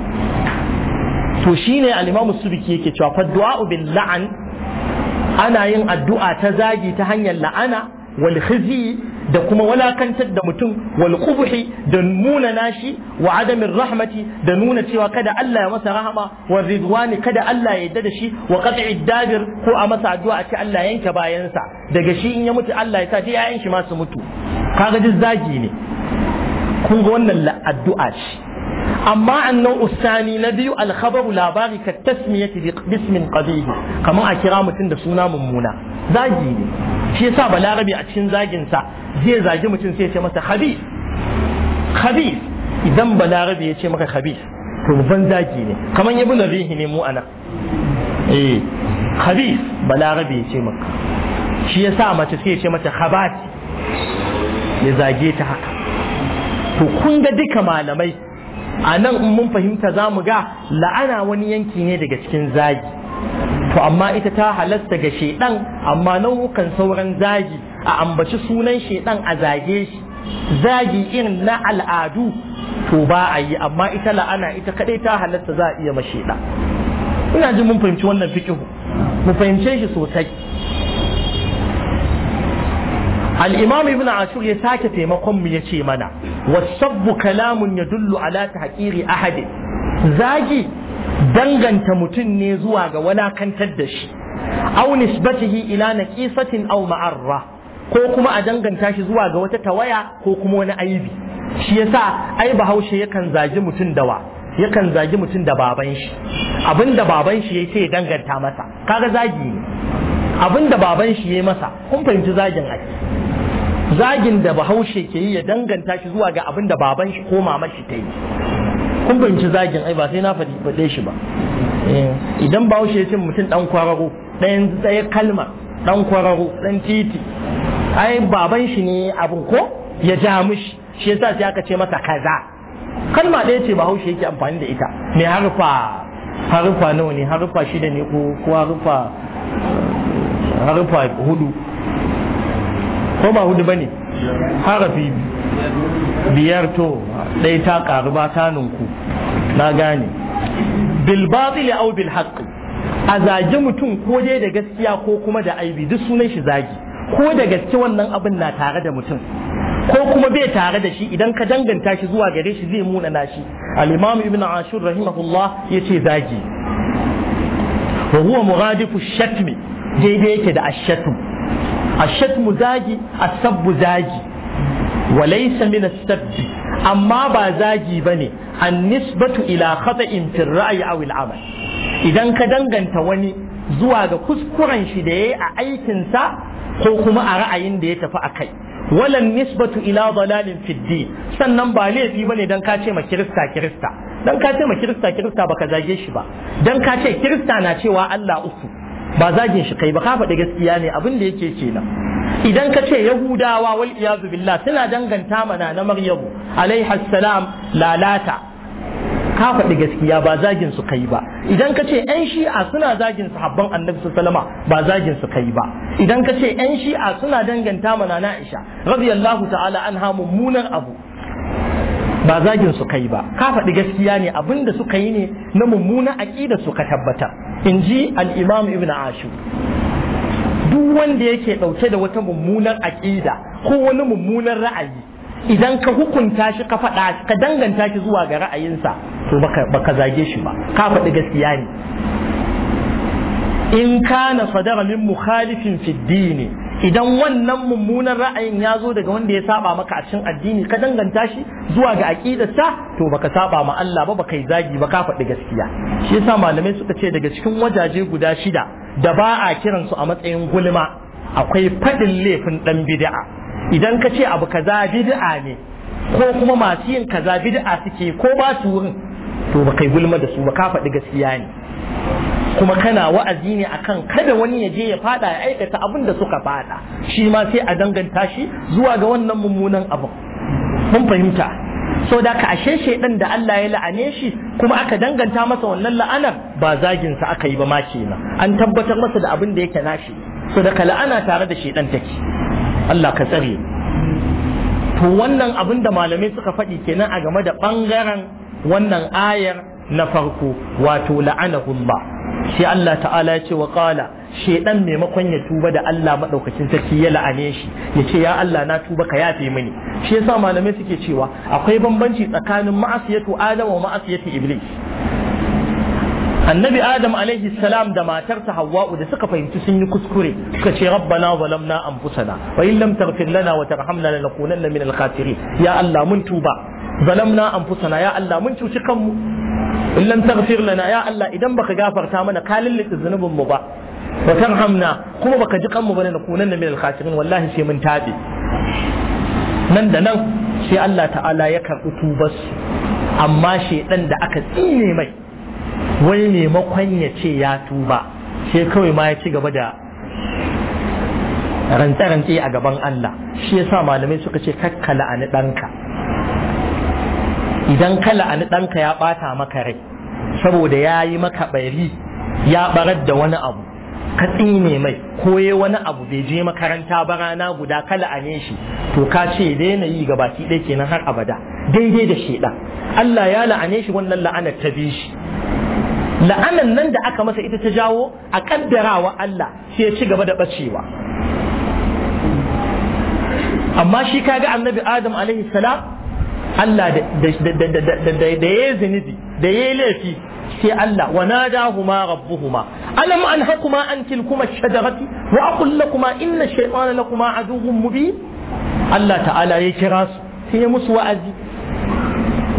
to shine al-Imam Subki yake cewa fa du'a bil la'an ana yin addu'a ta zagi ta hanyar la'ana wal khizi da kuma walakantar da mutum wal qubhi da nuna nashi wa adamin rahmati da nuna cewa kada Allah ya masa rahama wa ridwani kada Allah ya yarda da shi wa qat'i dabir ko a masa addu'a a ce Allah yanke bayansa daga shi in ya mutu Allah ya sa ta yayan shi ma su mutu kaga duk zagi ne kun ga wannan addu'a ce amma annan ustani na biyu alhabaru labari ka tasmiyati bismin qabih kamar a kira mutum da suna mummuna zagi ne shi yasa balarabi a cikin zagin sa zai zagi mutum sai ya ce masa khabith khabith idan balarabi ya ce maka khabith to babban zagi ne kamar ibnu rihi ne mu ana eh khabith balarabi ya ce maka shi yasa mace sai ya ce mata ya zage ta haka kun ga duka malamai a nan in mun fahimta za mu ga la'ana wani yanki ne daga cikin zagi to amma ita ta halasta ga shedan amma nau'ukan sauran zagi a ambaci sunan shedan a zage shi zagi irin na al'adu to ba a yi amma ita la'ana ita kadai ta halasta za a iya masheɗa ina jin mun fahimci wannan fikihu mu fahimce shi sosai al-imam ibn ya sake taimakon mu yace mana wasabbu kalamun ya dullu ala hakiri ahad zagi danganta mutum ne zuwa ga walakantar da shi aw nisbatihi ila naqisatin aw ma'arra ko kuma a danganta shi zuwa ga wata tawaya ko kuma wani aibi shi yasa ai bahaushe yakan zagi mutum dawa yakan zagi mutum da baban shi abinda baban shi ya ce danganta masa kaga zagi ne abinda baban shi ya masa kun fahimci zagin aiki. zagin da bahaushe ke yi ya danganta shi zuwa ga abin da baban shi ko mama shi ta yi kun fahimci zagin ai ba sai na faɗi faɗe shi ba eh, idan bahaushe ya ce mutum ɗan kwararo ɗayan tsaye kalmar ɗan kwararo ɗan titi ai baban shi ne abin ko ya ja mishi shi yasa sai aka ce masa kaza kalma ɗaya ce bahaushe yake amfani da ita mai harfa harfa nawa ne harfa shida ne ko harfa harfa hudu ko ba hudu bane harafi biyar to ɗaya ta ƙaru ba ta ninku na gane bil batil au bil a zagi mutum ko dai da gaskiya ko kuma da aibi duk sunan shi zagi ko da gaske wannan abin na tare da mutum ko kuma bai tare da shi idan ka danganta shi zuwa gare shi zai munana shi al-imam ibn ashur rahimahullah yace zagi wa huwa muradifu shatmi daidai yake da ashatu ashatmu zagi asabbu zagi walaysa min sabbi amma ba zagi bane an-nisbatu ila khata'in fi ar-ra'yi aw al idan ka danganta wani zuwa ga kuskuren shi da yayi a aikinsa ko kuma a ra'ayin da ya tafi a kai. walan nisbatu ila dalalin fiddi sannan ba laifi bane dan ka ce ma kirista kirista dan ka ce ma kirista kirista baka zage shi ba dan ka ce kirista na cewa Allah uku ba zagin shi kai ba ka faɗi gaskiya ne abin da yake kenan idan ka ce yahudawa wal iyazu billah suna danganta mana na maryamu alaihi salam lalata ka faɗi gaskiya ba zagin su kai ba idan ka ce yan shi'a suna zagin su habban annabi sallama ba zagin su kai ba idan ka ce yan shi'a suna danganta mana na aisha radiyallahu ta'ala anha mummunar abu ba zagin su kai ba ka faɗi gaskiya ne abinda suka yi ne na mummuna aqida suka tabbatar in ji al'imam ibn ashu duk wanda yake ɗauke da wata mummunar aƙida ko wani mummunar ra'ayi idan ka hukunta shi ka faɗa ka danganta shi zuwa ga ra'ayinsa to baka zage shi ba ka faɗi gaskiya ne in kana sadara min mukhalifin fi dini idan wannan mummunan ra'ayin ya zo daga wanda ya saba maka a cikin addini ka danganta shi zuwa ga aqidarsa to baka saba ma Allah ba baka yi zagi ba ka faɗi gaskiya shi yasa malamai suka ce daga cikin wajaje guda shida da ba a kiran su a matsayin gulma akwai faɗin laifin ɗan bid'a idan ka ce abu kaza bid'a ne ko kuma masu yin kaza bid'a suke ko ba su wurin to baka yi gulma da su ba ka faɗi gaskiya ne kuma kana wa'azi ne akan kada wani ya je ya fada ya aikata abin da suka fada shi ma sai a danganta shi zuwa ga wannan mummunan abu mun fahimta so da ka ashe shaidan da Allah ya la'ane shi kuma aka danganta masa wannan la'anar ba zagin sa aka yi ba ma kenan an tabbatar masa da abin da yake nashi so da ka la'ana tare da shaidan take Allah ka tsare to wannan abin da malamai suka faɗi kenan a game da bangaren wannan ayar na farko wato la'anahullah sai Allah ta'ala ya ce wa qala maimakon ya tuba da Allah maɗaukacin sarki ya la'ane shi ya ce ya Allah na tuba ka yafe mini shi yasa malamai suke cewa akwai bambanci tsakanin ma'asiyatu Adamu wa ma'asiyatu iblis annabi adam alaihi salam da matarsa hawa'u da suka fahimci sun yi kuskure suka ce rabbana zalamna anfusana wa in lam taghfir lana wa tarhamna lanakunanna min al-khasirin ya Allah mun tuba zalamna anfusana ya Allah mun cuci kanmu in lam taghfir lana ya Allah idan baka gafarta mana ka lillita mu ba wa tarhamna kuma baka ji kanmu bane na kunan min al-khasirin wallahi sai mun tabe nan da nan sai Allah ta'ala ya karɓi tubas amma shedan da aka tsine mai wai maimakon ya ce ya tuba sai kawai ma ya ci gaba da rantse a gaban Allah shi yasa malamai suka ce kakkala ani danka. idan kala an ɗanka ya ɓata maka rai saboda ya yi maka bari ya barar da wani abu ka tsine mai koye wani abu bai je makaranta ba rana guda kala la'ane shi to ka ce daina yi ga baki ɗaya kenan har abada daidai da shaidan Allah ya la'ane shi wannan la'anar ta bi shi la'anan nan da aka masa ita ta jawo a kaddarawa Allah sai ya ci gaba da bacewa amma shi kaga annabi Adam alaihi salam Allah da ya zunubi da ya laifi sai Allah wa rabbu rabbuhuma alam anhakuma an tilkuma shajarati wa aqul lakuma inna shaytana lakuma aduwwun mubin Allah ta'ala ya kira su sai ya musu wa'azi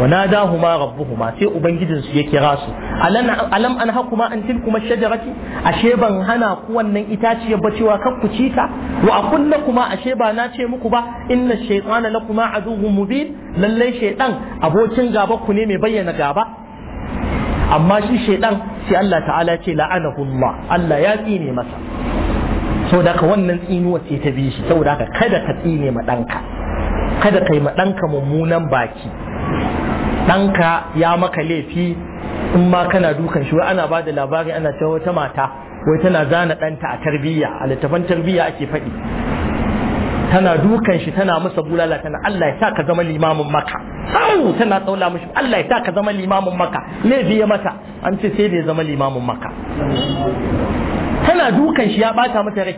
وناداهما ربهما سي ubangijin su ya kira su alam an hakuma an tilkuma shajarati ashe ban hana ku wannan itaciyar ba cewa kar ku ci ta wa aqul kuma ashe ba na ce muku ba in inna shaytana lakuma aduwwun bi lallai shaytan abokin gaba ku ne mai bayyana gaba amma shi shaytan sai Allah ta'ala ce la'anahu Allah Allah ya tsine masa saboda ka wannan tsinuwa ce ta bi shi saboda ka kada ka tsine ma ɗanka kada kai ma ɗanka mummunan baki ɗanka ya maka laifi in ma kana dukan shi ana ba da labari ana cewa wata mata wai tana zana ɗanta a tarbiyya a littafan tarbiyya ake faɗi tana dukan shi tana masa bulala tana Allah ya sa ka zama limamin maka sau tana tsaula mishi Allah ya sa ka zama limamin maka laifi ya mata an ce sai da ya zama limamin maka tana dukan shi ya bata mata rai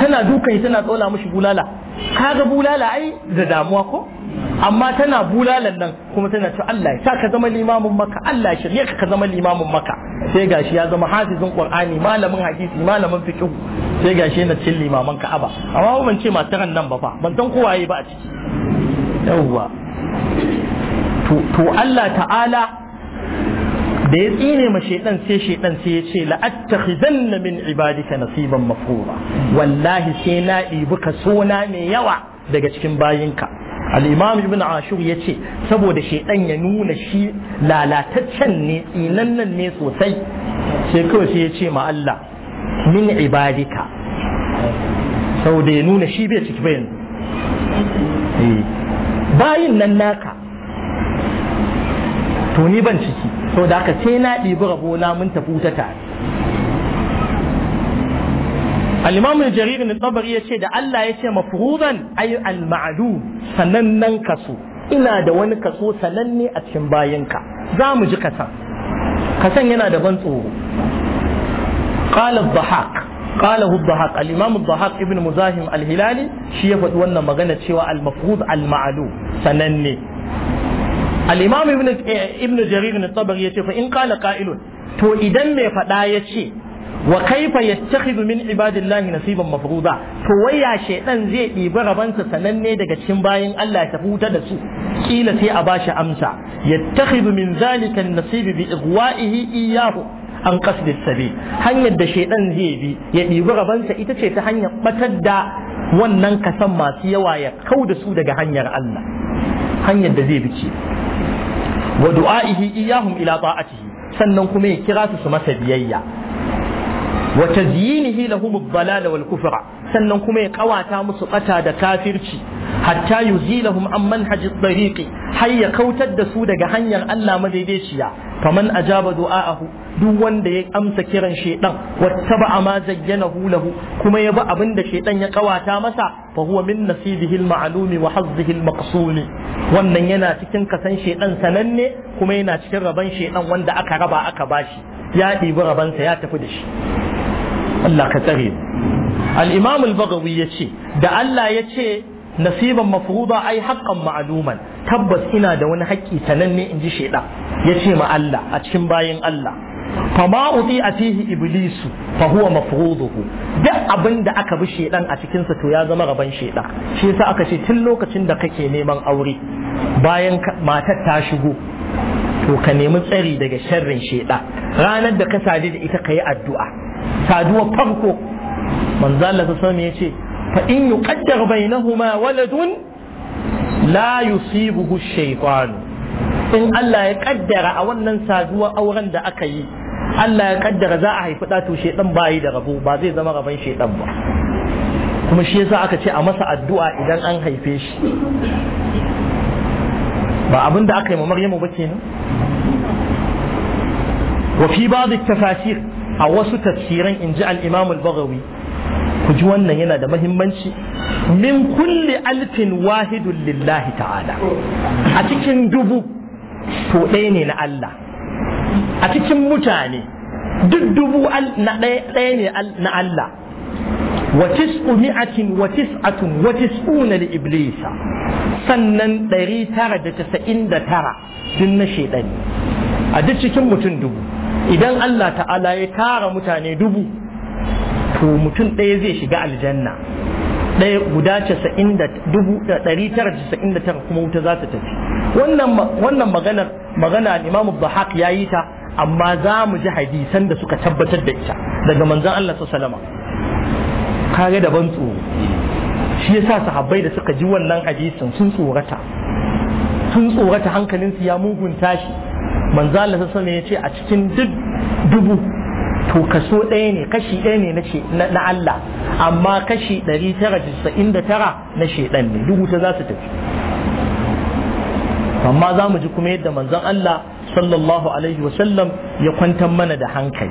tana dukan shi tana tsaula mishi bulala kaga bulala ai da damuwa ko amma tana bulalan nan kuma tana ce Allah ya sa ka zama limamin maka Allah ya shirye ka ka zama limamin maka sai gashi ya zama hafizin qur'ani malamin hadisi malamin fiqh sai gashi yana cin limaman ka'aba amma ba ban ce mataran nan ba fa ban san kowa ba a ciki yawwa to to Allah ta'ala da ya tsine ma shaidan sai shaidan sai ya ce la'attakhidanna min ibadika nasiban mafura. wallahi sai na ibuka sona mai yawa daga cikin bayinka al'imam ibn ashur ya ce saboda shaidan ya nuna shi lalataccen ne tsinannan ne sosai sai kawai sai ya ce ma Allah min ibadika saboda ya nuna shi bai ciki bayan eh. bayin nan naka to ni ban ciki saboda haka sai na ɗibi rabona mun tafi wuta tare al Jaririn al-jarir al-tabari da Allah ya ce mafruḍan ay al-ma'lum sanannen kaso ina da wani kaso sananne a cikin bayanka za mu ji kasan kasan yana da ban tsoro qala al-dhahak qala al-dhahak al-imam al-dhahak ibn muzahim al-hilali shi ya faɗi wannan magana cewa al-mafruḍ al-ma'lum sananne al-imam ibn eh, ibn jarir al-tabari yace fa in qala qa'ilun to idan mai faɗa yace wa kaifa yattakhidhu min ibadillahi nasiban mafruda to waya shedan zai ɗibi rabansa sananne daga cikin bayin Allah ta huta da su kila sai a bashi amsa yattakhidhu min zalika an-nasibi bi igwa'ihi iyyahu an qasdi sabi hanyar da shedan zai bi ya ɗiba rabansa ita ce ta hanyar batar da wannan kasan masu yawa ya kau da su daga hanyar Allah hanyar da zai bi ce wa du'a'ihi iyyahum ila ta'atihi sannan kuma ya kira su su masa biyayya wa tazyinihi lahum ad-dalal sannan kuma ya kawata musu bata da kafirci hatta yuzilahum an manhaji tariqi har ya kautar da su daga hanyar Allah madaidaiciya faman ajaba du'aahu duk wanda ya amsa kiran shaidan wattaba ma zayyanahu lahu kuma ya ba abinda da shaidan ya kawata masa fa huwa min nasibihi al-ma'lumi wa hazzihi al-maqsuni wannan yana cikin kasan shaidan sananne kuma yana cikin raban shaidan wanda aka raba aka bashi ya ɗibi rabonsa ya tafi da shi Allah ka tsare al-imam al-baghawi yace da Allah yace nasiban ba ai haqqan ma'luman tabbas ina da wani haƙƙi sananne in ji shaiɗa yace ma Allah a cikin bayan Allah fama uti a fihi iblisu fa huwa mafruduhu duk abin da aka bi shaiɗan a cikinsa to ya zama rabon sheda. shi yasa aka ce tun lokacin da kake neman aure bayan matar ta shigo to ka nemi tsari daga sharrin sheda. ranar da ka sadu da ita ka yi addu'a saduwar farko manzo Allah ta sani yace fa in yuqaddar bainahuma waladun la yusibuhu shaytan in Allah ya kaddara a wannan saduwar auren da aka yi Allah ya kaddara za a haifi ɗa to shaytan ba yi da rabo ba zai zama rabon shaytan ba kuma shi yasa aka ce a masa addu'a idan an haife shi ba abin da aka yi ma Maryamu ba kenan wa fi ba'd at-tafasir a wasu tafsiran in ji al-imam al-baghawi ku ji wannan yana da mahimmanci min kulli alfin wahidun lillahi ta'ala a cikin dubu to ɗaya ne na Allah a cikin mutane duk dubu na ɗaya ne na Allah wa tis'u mi'atin wa tis'atun wa tis'una li iblisa sannan ɗari tara da tasa'in da tara duk na shaidani a duk cikin mutum dubu idan Allah ta'ala ya tara mutane dubu to mutum ɗaya zai shiga aljanna ɗaya guda casa'in da dubu da ɗari tara casa'in da tara kuma wuta za ta tafi wannan maganar magana imamu bahaq ya yi ta amma za mu ji hadisan da suka tabbatar da ita daga manzon Allah sa salama kare da ban tsoro shi ya yasa sahabbai da suka ji wannan hadisin sun tsorata sun tsorata hankalinsu ya mugunta shi manzo Allah sa alaihi yace a cikin duk dubu to kaso ɗaya ne kashi ɗaya ne na Allah amma kashi 999 na shedan ne dubu ta za su tafi amma za mu ji kuma yadda manzon Allah sallallahu alaihi wasallam ya kwantar mana da hankali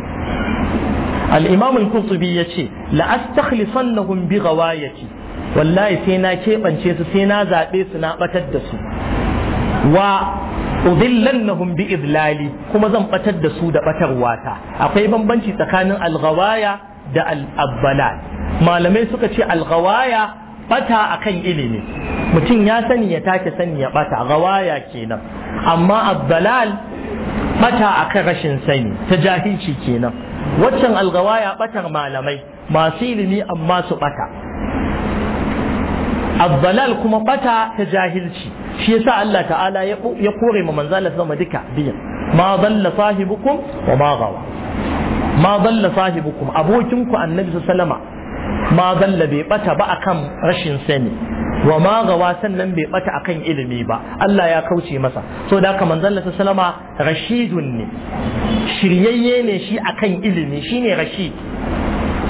al-imam ya ce yace la astakhlifannahum bi wallahi sai na keɓance su sai na zaɓe su na batar da su wa udillannahum bi idlali kuma zan batar da su da batarwa ta akwai bambanci tsakanin alghawaya da al malamai suka ce alghawaya bata akan ilimi mutum ya sani ya take sani ya bata gawaya kenan amma abdalal bata akan rashin sani ta jahilci kenan waccan algawaya batar malamai masu ilimi amma su bata abdalal kuma bata ta jahilci shi ya sa Allah ta'ala ya kore ma manzo Allah sama duka biyan ma dalla sahibukum wa ma gawa ma dalla sahibukum abokinku annabi sallama ma dalla bai bata ba akan rashin sani wa ma gawa sannan bai bata akan ilimi ba Allah ya kauce masa so da haka manzo Allah sallama rashidun ne shiryayye ne shi akan ilimi shine rashid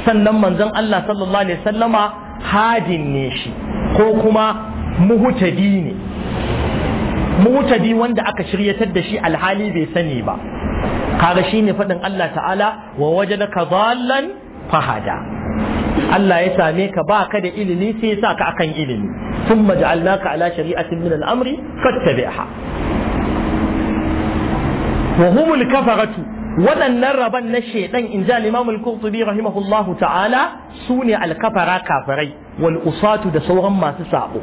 sannan manzon Allah sallallahu alaihi sallama hadin ne shi ko kuma muhtadi ne mutadi wanda aka shiryatar da shi alhali bai sani ba kaga shine faɗin Allah ta'ala wa wajadaka dhallan fahada Allah ya same ka ba ka da ilimi sai ya saka akan ilimi thumma ka ala shari'atin min al-amri fattabi'ha wa humul kafaratu waɗannan raban na shaidan in ja Imam al rahimahullahu ta'ala sune ne alkafara kafirai wal usatu da sauran masu sabo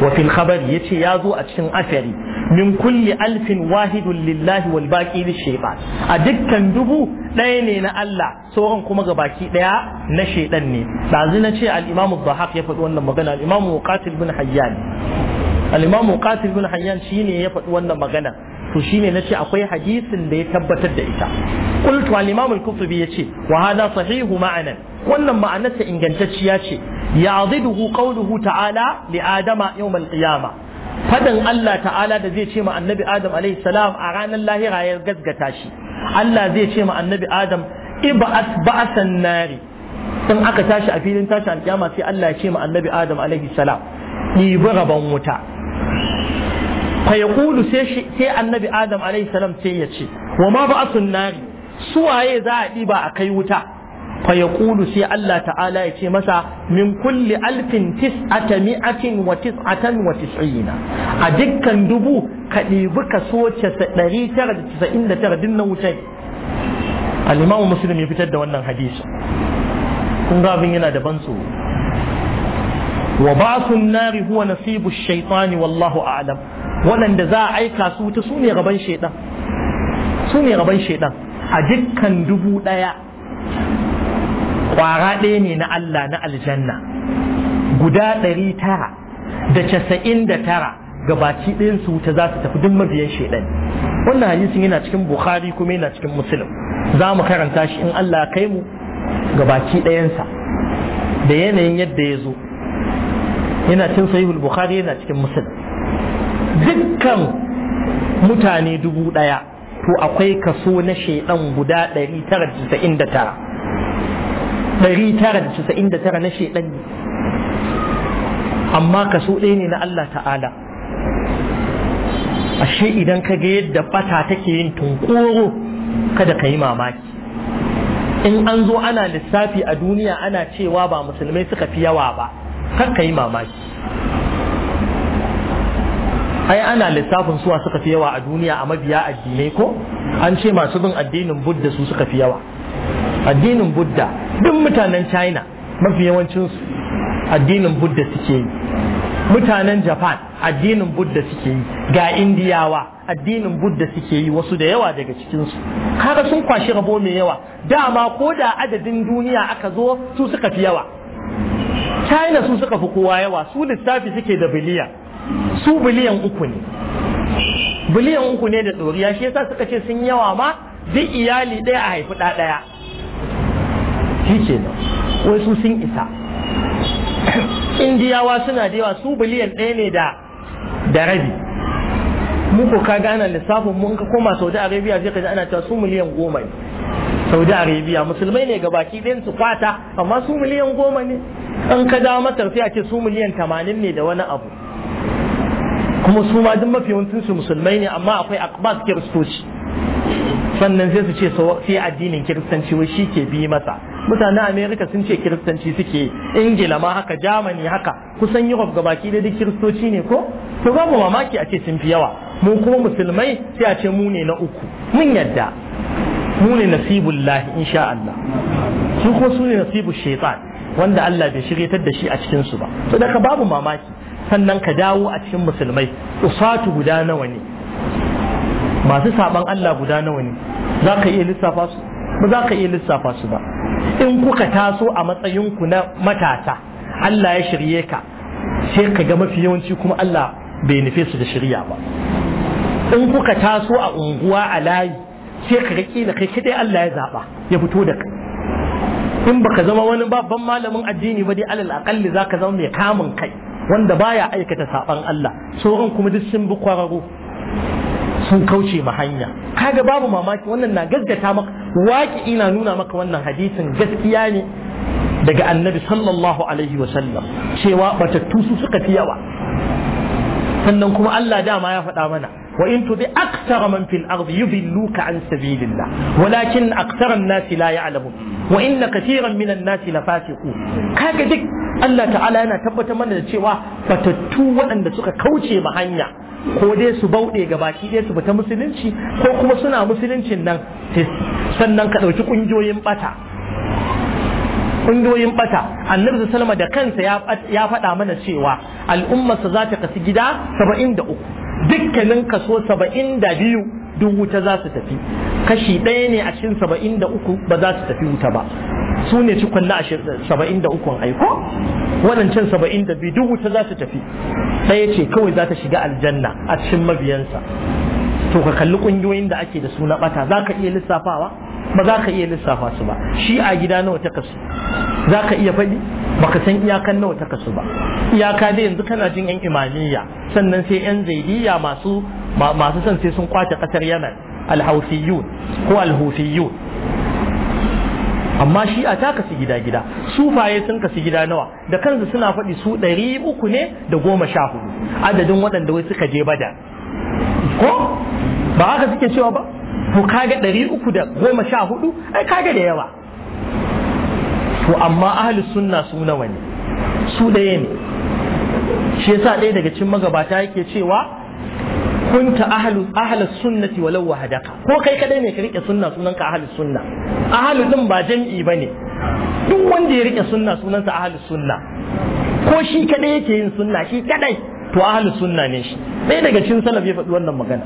wa fil khabari yace ya zo a cikin asari min kulli alfin wahidun lillahi wal baqi lishaytan a dukkan dubu ɗaya ne na Allah sauran kuma ga baki ɗaya na shaidan ne dazu na ce al-Imam Dhahaq ya faɗi wannan magana al-Imam Muqatil bin Hayyan al-Imam Muqatil bin Hayyan shine ya faɗi wannan magana to shine ce akwai hadisin da ya tabbatar da ita qultu al imam al qurtubi yace wa hada sahihu ma'anan wannan ta ingantacciya ce ya'diduhu qawluhu ta'ala li adama yawm al qiyamah fadan Allah ta'ala da zai ce ma annabi adam alaihi salam a ranar lahira ya gaskata shi Allah zai ce ma annabi adam iba'at ba'san nari in aka tashi a filin tashi alkiyama sai Allah ya ce ma annabi adam alaihi salam ɗibi rabon wuta fa sai annabi adam alaihi salam sai ya ce wa ma ba'asun nari suwaye za a ɗiba a kai wuta fa sai Allah ta'ala ya ce masa min kulli alfin tis'ata mi'atin wa tis'atan wa tis'ina a dukkan dubu ka ɗibi da tara din na wuta al-imam muslim ya fitar da wannan hadisi kun ga abin yana da ban tsoro wa ba'sun nari huwa nasibu ash wallahu a'lam waɗanda za a aika su wuta su ne gaban shaidan su ne gaban shaidan a dukkan dubu ɗaya ƙwara ɗaya ne na Allah na aljanna guda ɗari tara da casa'in da tara gabaci ɗayan su wuta za su tafi duk mabiyan shaidan wannan hadisin yana cikin bukhari kuma yana cikin musulun za mu karanta shi in Allah kai mu gabaci ɗayansa da yanayin yadda ya zo yana cin sahihul bukhari yana cikin musulun dukkan mutane dubu ɗaya to akwai kaso na shaidan guda 999 tara na shaidan ne amma kaso ɗaya ne na Allah ta'ala ashe idan ka ga yadda bata take yin tunkoro kada ka yi mamaki in an zo ana lissafi a duniya ana cewa ba musulmai suka fi yawa ba kan ka yi mamaki ai ana lissafin suwa suka fi yawa a duniya a mabiya addinai ko an ce masu bin addinin budda su suka fi yawa addinin budda duk mutanen china mafi yawancinsu addinin budda suke yi mutanen japan addinin budda suke yi ga indiyawa addinin budda suke yi wasu da yawa daga cikinsu kaga sun kwashi rabo mai yawa dama ko da adadin duniya aka zo su suka fi yawa china su suka fi kowa yawa su lissafi suke da biliya. su biliyan uku ne biliyan uku ne da tsoriya shi yasa suka ce sun yawa ma duk iyali ɗaya a haifi ɗa ɗaya shi ke nan wai su sun isa indiyawa suna da yawa su biliyan ɗaya ne da da rabi Muku ka gana lissafin mun ka koma saudi arabia zai kaji ana cewa su miliyan goma ne saudi arabia musulmai ne ga baki ɗayan su kwata amma su miliyan goma ne an ka dawo sai a ce su miliyan tamanin ne da wani abu kuma su ma duk mafi yawancin su musulmai ne amma akwai akbas kiristoci sannan sai su ce sai addinin kiristanci wai shi ke bi masa mutanen amerika sun ce kiristanci suke ingila ma haka germany haka kusan europe ga baki da duk kiristoci ne ko to babu mamaki a ce sun fi yawa mu kuma musulmai sai a ce mu ne na uku mun yadda mu ne nasibullahi insha Allah su ko su ne nasibu shaitan wanda Allah bai shiryatar da shi a cikin su ba to daga babu mamaki sannan ka dawo a cikin musulmai usatu guda nawa ne masu saban Allah guda nawa ne za ka iya lissafa su ba za ka lissafa su ba in kuka taso a matsayin ku na matasa Allah ya shirye ka sai ka ga mafi yawanci kuma Allah bai nufe su da shirya ba in kuka taso a unguwa a layi sai ka ga kila kai kidai Allah ya zaba ya fito da kai in baka zama wani babban malamin addini ba dai alal akalli zaka zama mai kamun kai wanda baya aikata saban Allah sauran kuma duk sun bi kwararo sun kauce ma hanya kaga babu mamaki wannan na gaggata maka waki ina nuna maka wannan hadisin gaskiya ne daga annabi sallallahu alaihi wasallam cewa batattu su suka fi yawa sannan kuma Allah dama ya faɗa mana wa in tubi aktsara man fil ardi yudilluka an sabilillah walakin aktsara an-nasi la ya'lamun wa inna katiran minan nasi lafasiqu kaga duk Allah ta'ala yana tabbatar mana da cewa fatattu waɗanda suka kauce ma hanya ko dai su bauɗe ga baki dai su fita musulunci ko kuma suna musuluncin nan sannan ka ɗauki ƙungiyoyin ɓata kungiyoyin bata annabi sallama da kansa ya faɗa mana cewa al'ummarsa za ta kasu gida 73 dukkanin kaso 72 duk wuta za su tafi kashi ɗaya ne a cikin 73 ba za su tafi wuta ba su ne cikon na 73 aiko waɗancan 72 duk wuta za su tafi ɗaya ce kawai za ta shiga aljanna a cikin mabiyansa to ka kalli kungiyoyin da ake da su na bata za ka iya lissafawa ba za ka iya lissafa su ba shi a gida nawa ta kasu za ka iya faɗi baka san iyakan nawa ta kasu ba iyaka dai yanzu kana jin yan imamiyya sannan sai yan zaidiya masu masu son sai sun kwace kasar yamen alhausiyun ko alhufiyun amma shi a ta kasu gida gida su faye sun kasu gida nawa da kansu suna faɗi su ɗari uku ne da goma sha hudu adadin waɗanda wai suka je bada ko ba haka suke cewa ba to kaga ɗari uku da goma sha hudu ai kaga da yawa to amma ahli sunna su nawa ne su ɗaya ne shi yasa ɗaya daga cikin magabata yake cewa kunta ahlu ahlus sunnati walau wahdaka ko kai kadai ne ka rike sunna sunanka ahlus sunna ahlu din ba jam'i bane duk wanda ya rike sunna sunansa ahlus sunna ko shi kadai yake yin sunna shi kadai to ahlus sunna ne shi ɗaya daga cikin salaf ya faɗi wannan magana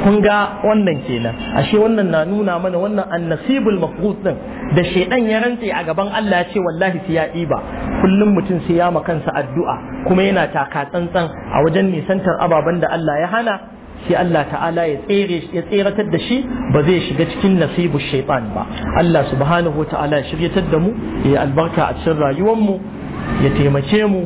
kun ga wannan kenan ashe wannan na nuna mana wannan annasibul mafrut din da shedan ya rantse a gaban Allah ya ce wallahi sai ya ɗiba kullum mutum sai ya ma kansa addu'a kuma yana taka tsantsan a wajen nisantar ababen da Allah ya hana sai Allah ta'ala ya tsere ya tseratar da shi ba zai shiga cikin nasibu shaytan ba Allah subhanahu ta'ala ya shiryatar da mu ya albarka a cikin rayuwar mu ya taimake mu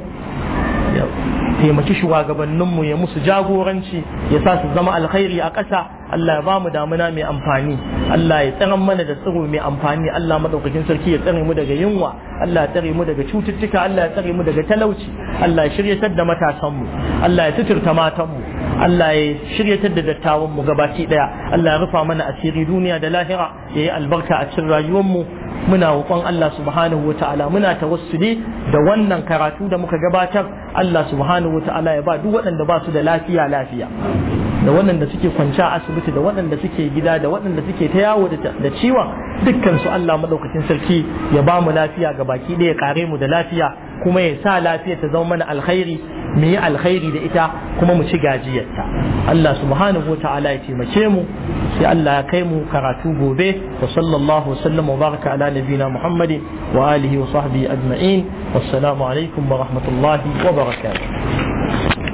taimaki shugabanninmu ya musu jagoranci ya sa su zama alkhairi a ƙasa Allah ya ba mu damuna mai amfani Allah ya tsare mana da tsiro mai amfani Allah madaukakin sarki ya tsare mu daga yunwa Allah ya tsare mu daga cututtuka Allah ya tsare mu daga talauci Allah ya shiryatar da matasanmu Allah ya suturta matanmu Allah ya shiryatar da dattawan mu gabaki daya Allah ya rufa mana asiri duniya da lahira ya yi albarka a cikin rayuwarmu muna roƙon Allah subhanahu wataala muna tawassuli da wannan karatu da muka gabatar Allah subhanahu subhanahu wa ta'ala ya ba duk waɗanda ba su da lafiya lafiya da waɗanda suke kwance a asibiti da waɗanda suke gida da waɗanda suke ta yawo da ciwon dukkan su Allah madaukakin sarki ya ba mu lafiya ga baki ɗaya ya kare mu da lafiya kuma ya sa lafiya ta zama mana alkhairi mu yi alkhairi da ita kuma mu ci gajiyarta Allah subhanahu wa ta'ala ya taimake mu sai Allah ya kai mu karatu gobe wa sallallahu wa sallam wa baraka ala nabina Muhammadin wa alihi wa sahbihi ajma'in wassalamu alaikum wa rahmatullahi wa barakatuh